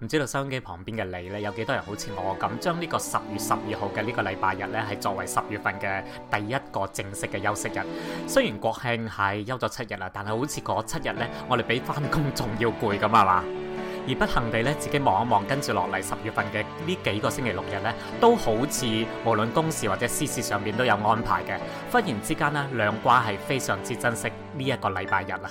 唔知道收音機旁邊嘅你呢，有幾多人好似我咁，將呢個十月十二號嘅呢個禮拜日呢，係作為十月份嘅第一個正式嘅休息日。雖然國慶係休咗七日啦，但係好似嗰七日呢，我哋比返工仲要攰咁係嘛。而不幸地呢，自己望一望跟住落嚟十月份嘅呢幾個星期六日呢，都好似無論公事或者私事上面都有安排嘅。忽然之間呢，兩瓜係非常之珍惜呢一個禮拜日啦。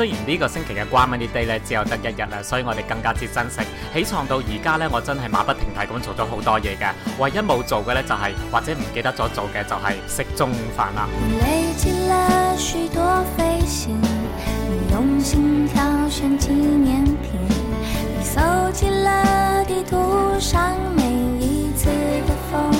雖然呢個星期嘅關門的 day 咧只有得一日啦，所以我哋更加之珍惜。起床到而家咧，我真係馬不停蹄咁做咗好多嘢嘅，唯一冇做嘅咧就係、是，或者唔記得咗做嘅就係食中午飯啦。累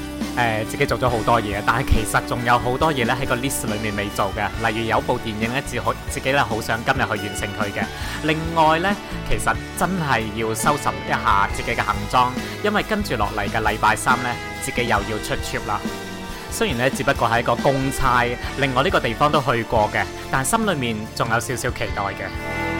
誒、呃，自己做咗好多嘢，但係其實仲有好多嘢咧喺個 list 裏面未做嘅，例如有部電影咧，自己好自己咧好想今日去完成佢嘅。另外呢，其實真係要收拾一下自己嘅行裝，因為跟住落嚟嘅禮拜三呢，自己又要出 trip 啦。雖然呢，只不過係一個公差，另外呢個地方都去過嘅，但係心裏面仲有少少期待嘅。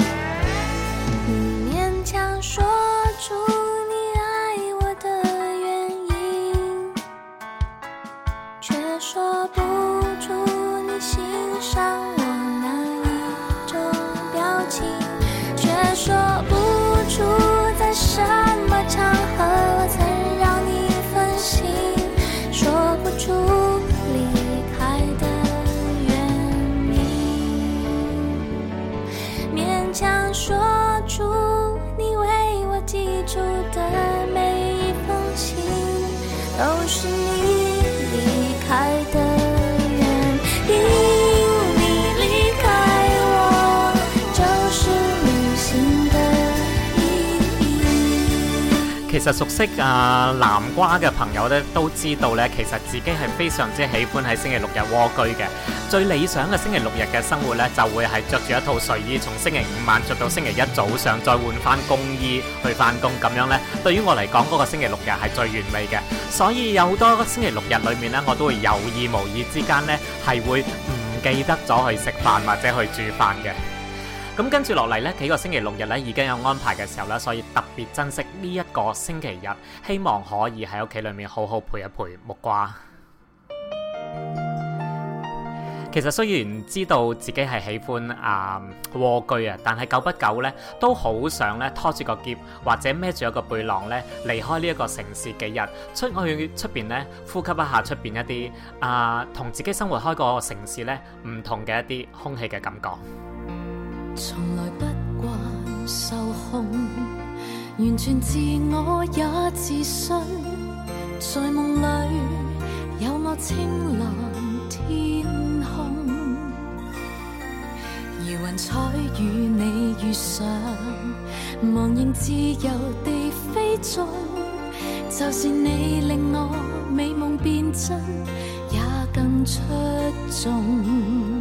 其實熟悉啊、呃、南瓜嘅朋友咧，都知道咧，其實自己係非常之喜歡喺星期六日窩居嘅。最理想嘅星期六日嘅生活咧，就會係着住一套睡衣，從星期五晚着到星期一早上，再換翻工衣去翻工咁樣咧。對於我嚟講，嗰、嗰個星期六日係最完美嘅。所以有好多個星期六日裏面咧，我都會有意無意之間咧，係會唔記得咗去食飯或者去煮飯嘅。咁跟住落嚟呢幾個星期六日呢，已經有安排嘅時候呢，所以特別珍惜呢一個星期日，希望可以喺屋企裏面好好陪一陪木瓜。其實雖然知道自己係喜歡啊蝸居啊，但係久不久呢，都好想咧拖住個喼，或者孭住一個背囊呢，離開呢一個城市幾日，出去出邊咧呼吸一下出邊一啲啊同自己生活開個城市呢，唔同嘅一啲空氣嘅感覺。從來不慣受控，完全自我也自信，在夢裏有我晴朗天空。如雲彩與你遇上，忘形自由地飛縱，就算、是、你令我美夢變真，也更出眾。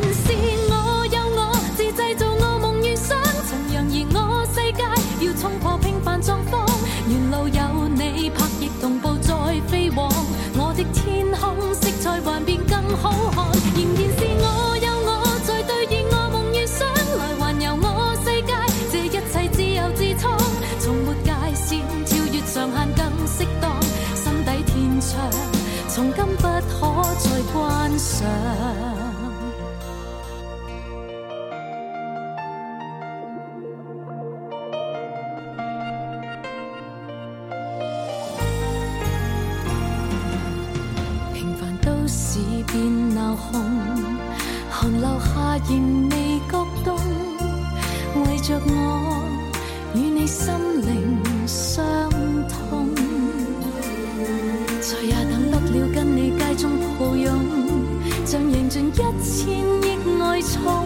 盡一千億愛寵，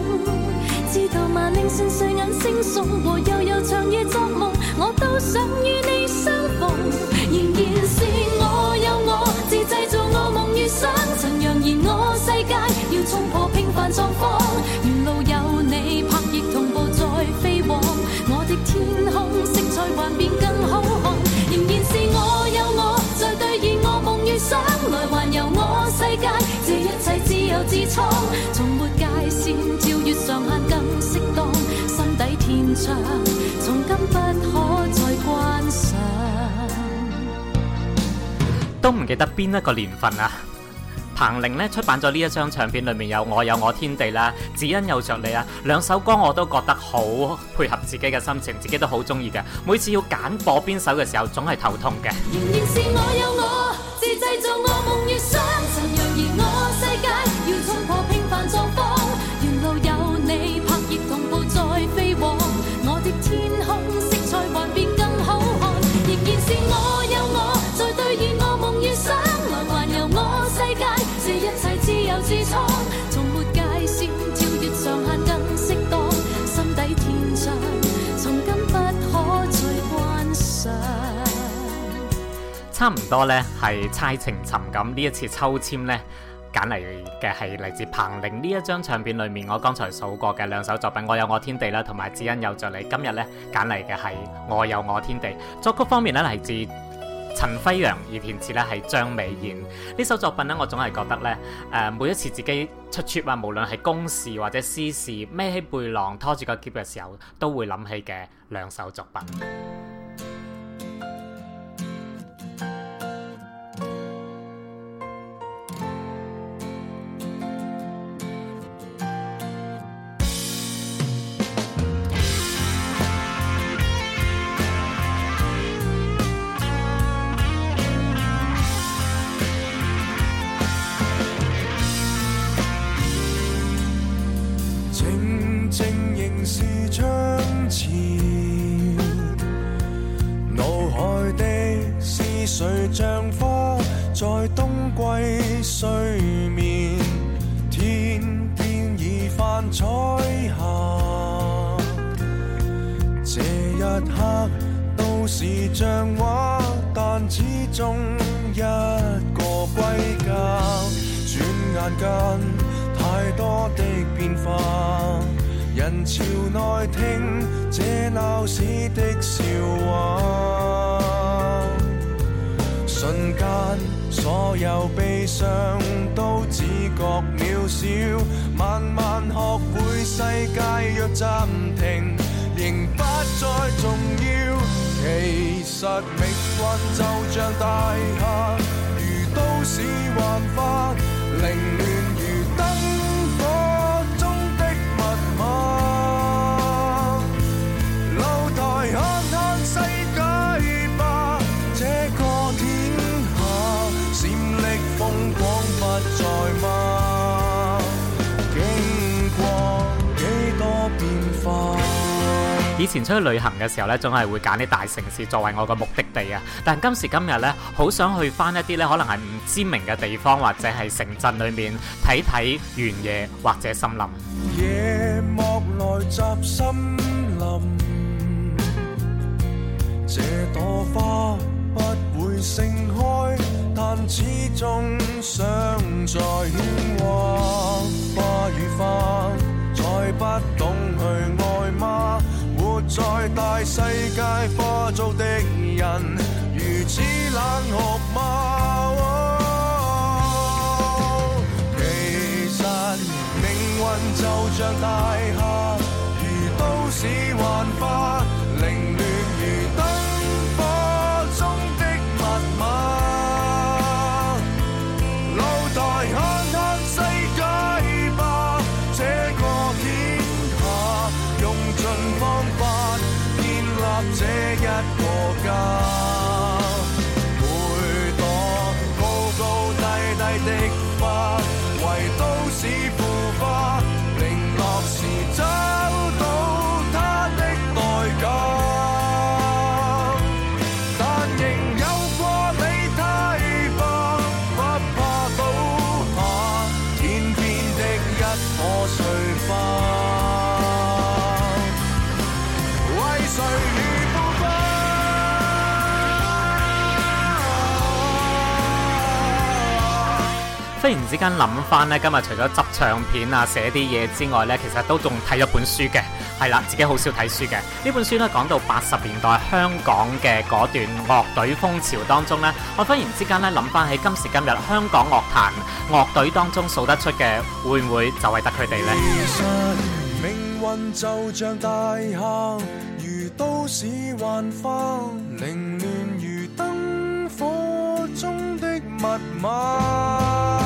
知道萬零晨睡眼惺忪和悠悠長夜作夢，我都想與你相逢。仍然是我有我，自製造噩夢與想，曾揚言我世界要衝破平凡狀況，沿路有你。拍。都唔記得邊一個年份啊！彭羚呢出版咗呢一張唱片裏，裏面有《我有我，有我天地》啦，啦《只因有着你》啊，兩首歌我都覺得好配合自己嘅心情，自己都好中意嘅。每次要揀播邊首嘅時候，總係頭痛嘅。差唔多呢係猜情尋感呢一次抽籤呢，揀嚟嘅係嚟自彭羚呢一張唱片裏面。我剛才數過嘅兩首作品《我有我天地》啦，同埋《只因有着你》。今日呢，揀嚟嘅係《我有我天地》，作曲方面呢，嚟自陳輝陽，而填詞呢係張美燕。呢首作品呢，我總係覺得呢，誒、呃、每一次自己出錯啊，無論係公事或者私事，孭起背囊拖住個篋嘅時候，都會諗起嘅兩首作品。人潮內聽這鬧市的笑話，瞬間所有悲傷都只覺渺小，慢慢學會世界若暫停，仍不再重要。其實命運就像大廈，如都市幻化凌亂。以前出去旅行嘅時候呢，總係會揀啲大城市作為我個目的地啊。但今時今日呢，好想去返一啲呢，可能係唔知名嘅地方，或者係城鎮裏面睇睇原野或者森林。夜盛開，但始終想再喧嘩。花與花，再不懂去愛嗎？活在大世界花都的人，如此冷酷嗎？啊忽然之間諗翻咧，今日除咗執唱片啊、寫啲嘢之外呢，其實都仲睇咗本書嘅，係啦，自己好少睇書嘅。呢本書呢，講到八十年代香港嘅嗰段樂隊風潮當中呢，我忽然之間咧諗翻起今時今日香港樂壇樂隊當中數得出嘅，會唔會就係得佢哋呢？「如神，如命運就像大廈，如都市幻化，凌亂如燈火中的密碼。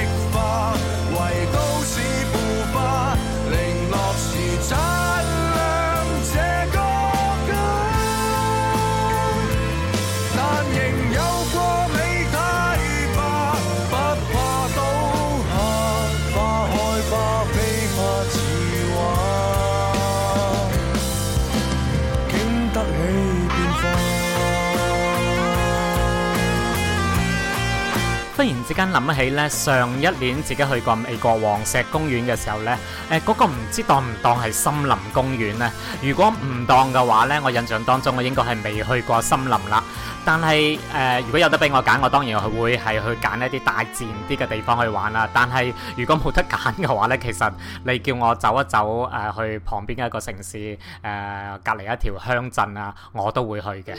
忽然之間諗起咧，上一年自己去過美國黃石公園嘅時候咧，誒、那、嗰個唔知當唔當係森林公園呢。如果唔當嘅話咧，我印象當中我應該係未去過森林啦。但係、呃、如果有得俾我揀，我當然會會係去揀一啲大自然啲嘅地方去玩啦。但係如果冇得揀嘅話呢，其實你叫我走一走、呃、去旁邊嘅一個城市、呃、隔離一條鄉鎮啊，我都會去嘅。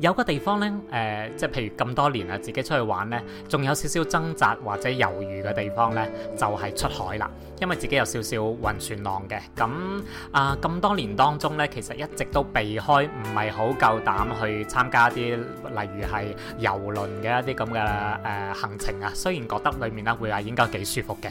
有個地方呢，誒、呃，即係譬如咁多年啊，自己出去玩呢，仲有少少掙扎或者猶豫嘅地方呢，就係、是、出海啦。因為自己有少少暈船浪嘅，咁啊咁多年當中呢，其實一直都避開，唔係好夠膽去參加啲。例如係遊輪嘅一啲咁嘅誒行程啊，雖然覺得裡面呢會係應該幾舒服嘅。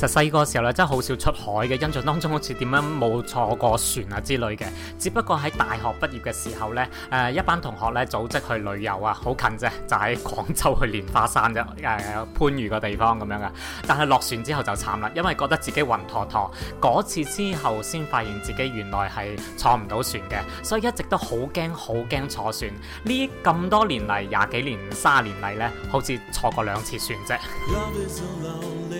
其實細個時候咧，真係好少出海嘅印象當中，好似點樣冇坐過船啊，之類嘅。只不過喺大學畢業嘅時候呢，誒一班同學咧組織去旅遊，就是，啊，好近啫，就喺廣州去蓮花山啫，誒番禺個地方咁樣噶。但係落船之後就慘啦，因為覺得自己暈陀陀，嗰次之後先發現自己原來係坐唔到船嘅，所以一直都好驚好驚坐船。呢咁多年嚟，廿幾年卅年嚟呢，好似坐過兩次船啫。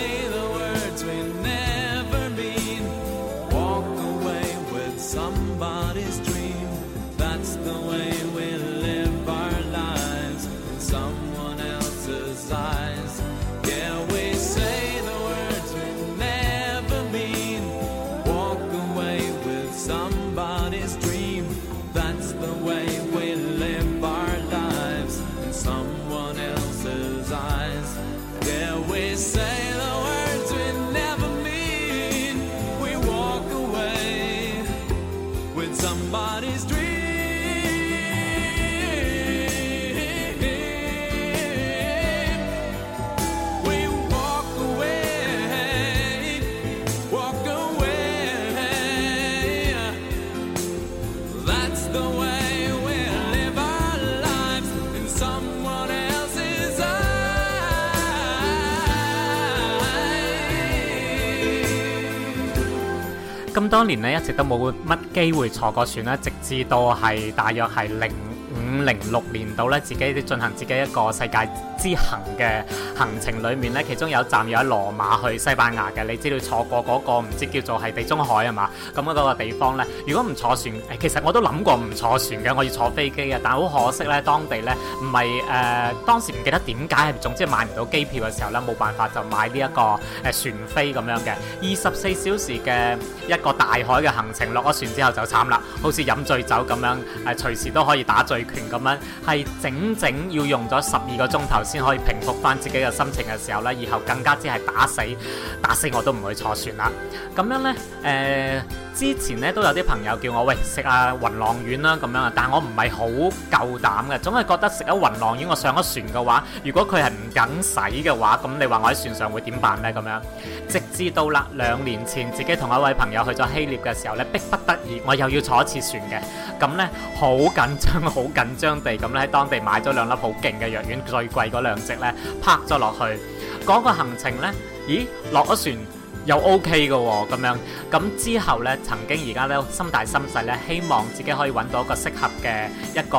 當年咧，一直都冇乜機會坐過船啦，直至到係大約係零五、零六年度咧，自己進行自己一個世界之行嘅行程裏面呢，其中有一站有喺羅馬去西班牙嘅，你知道坐過嗰個唔知叫做係地中海係嘛？咁嗰個地方呢，如果唔坐船，其實我都諗過唔坐船嘅，我要坐飛機嘅，但好可惜呢，當地呢，唔係誒，當時唔記得點解係總之買唔到機票嘅時候呢，冇辦法就買呢一個誒船飛咁樣嘅，二十四小時嘅一個大海嘅行程，落咗船之後就慘啦，好似飲醉酒咁樣，誒隨時都可以打醉拳咁樣，係整整要用咗十二個鐘頭。先可以平復翻自己嘅心情嘅時候呢，以後更加之係打死打死我都唔會錯船啦。咁樣呢？誒、呃。之前咧都有啲朋友叫我喂，食阿、啊、暈浪丸啦咁樣，但我唔係好夠膽嘅，總係覺得食咗暈浪丸我上咗船嘅話，如果佢係唔緊洗嘅話，咁你話我喺船上會點辦呢？咁樣？直至到啦兩年前自己同一位朋友去咗希臘嘅時候咧，迫不得已我又要坐一次船嘅，咁咧好緊張好緊張地咁咧喺當地買咗兩粒好勁嘅藥丸，最貴嗰兩隻咧，拍咗落去。嗰、那個行程呢，咦？落咗船。又 O K 嘅喎，咁樣咁之後呢，曾經而家呢，心大心細呢，希望自己可以揾到一個適合嘅一個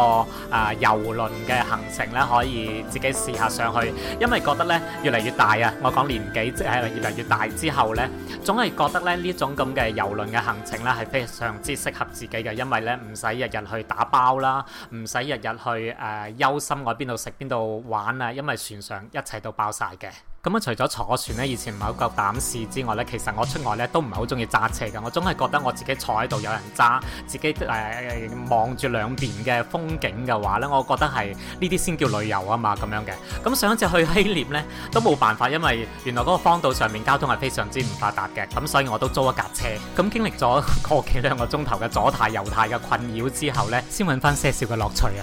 啊遊輪嘅行程呢，可以自己試下上去，因為覺得呢，越嚟越大啊！我講年紀即係越嚟越大之後呢，總係覺得呢，呢種咁嘅遊輪嘅行程呢，係非常之適合自己嘅，因為呢，唔使日日去打包啦，唔使日日去誒憂心我邊度食邊度玩啊，因為船上一切都包晒嘅。咁啊，除咗坐船呢，以前唔係好夠膽試之外呢，其實我出外呢都唔係好中意揸車嘅，我總係覺得我自己坐喺度有人揸，自己、呃、望住兩邊嘅風景嘅話呢，我覺得係呢啲先叫旅遊啊嘛，咁樣嘅。咁上一次去希臘呢都冇辦法，因為原來嗰個荒島上面交通係非常之唔發達嘅，咁所以我都租咗一架車。咁經歷咗個幾兩個鐘頭嘅左太右太嘅困擾之後呢，先搵翻些少嘅樂趣啊！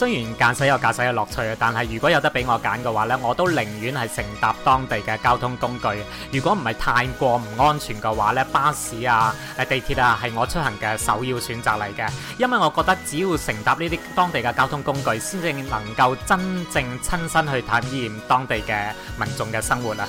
雖然駕駛有駕駛嘅樂趣啊，但係如果有得俾我揀嘅話咧，我都寧願係乘搭當地嘅交通工具。如果唔係太過唔安全嘅話咧，巴士啊、地鐵啊，係我出行嘅首要選擇嚟嘅。因為我覺得只要乘搭呢啲當地嘅交通工具，先至能夠真正親身去體驗當地嘅民眾嘅生活啊。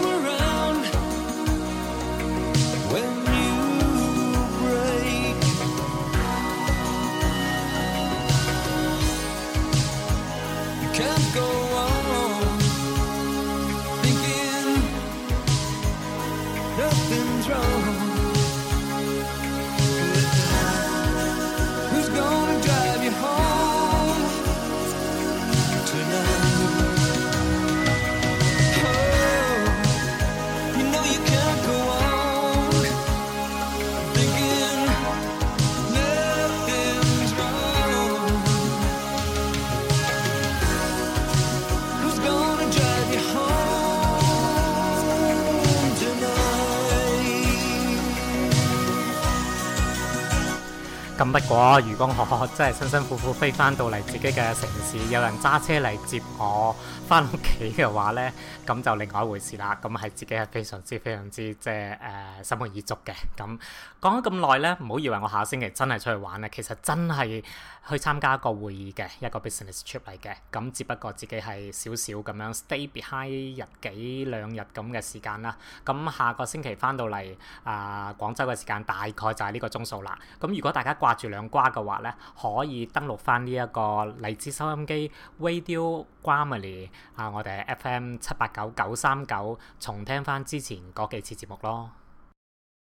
咁不過，如果我真係辛辛苦苦飛翻到嚟自己嘅城市，有人揸車嚟接我翻屋企嘅話呢，咁就另外一回事啦。咁係自己係非常之、非常之即係誒心滿意足嘅。咁講咗咁耐呢，唔好以為我下星期真係出去玩咧，其實真係去參加一個會議嘅一個 business trip 嚟嘅。咁只不過自己係少少咁樣 stay behind 日幾兩日咁嘅時間啦。咁下個星期翻到嚟啊廣州嘅時間大概就係呢個鐘數啦。咁如果大家掛掛住兩瓜嘅話咧，可以登錄翻呢一個荔枝收音機 Radio Grammarly 啊，我哋係 FM 七八九九三九，重聽翻之前嗰幾次節目咯。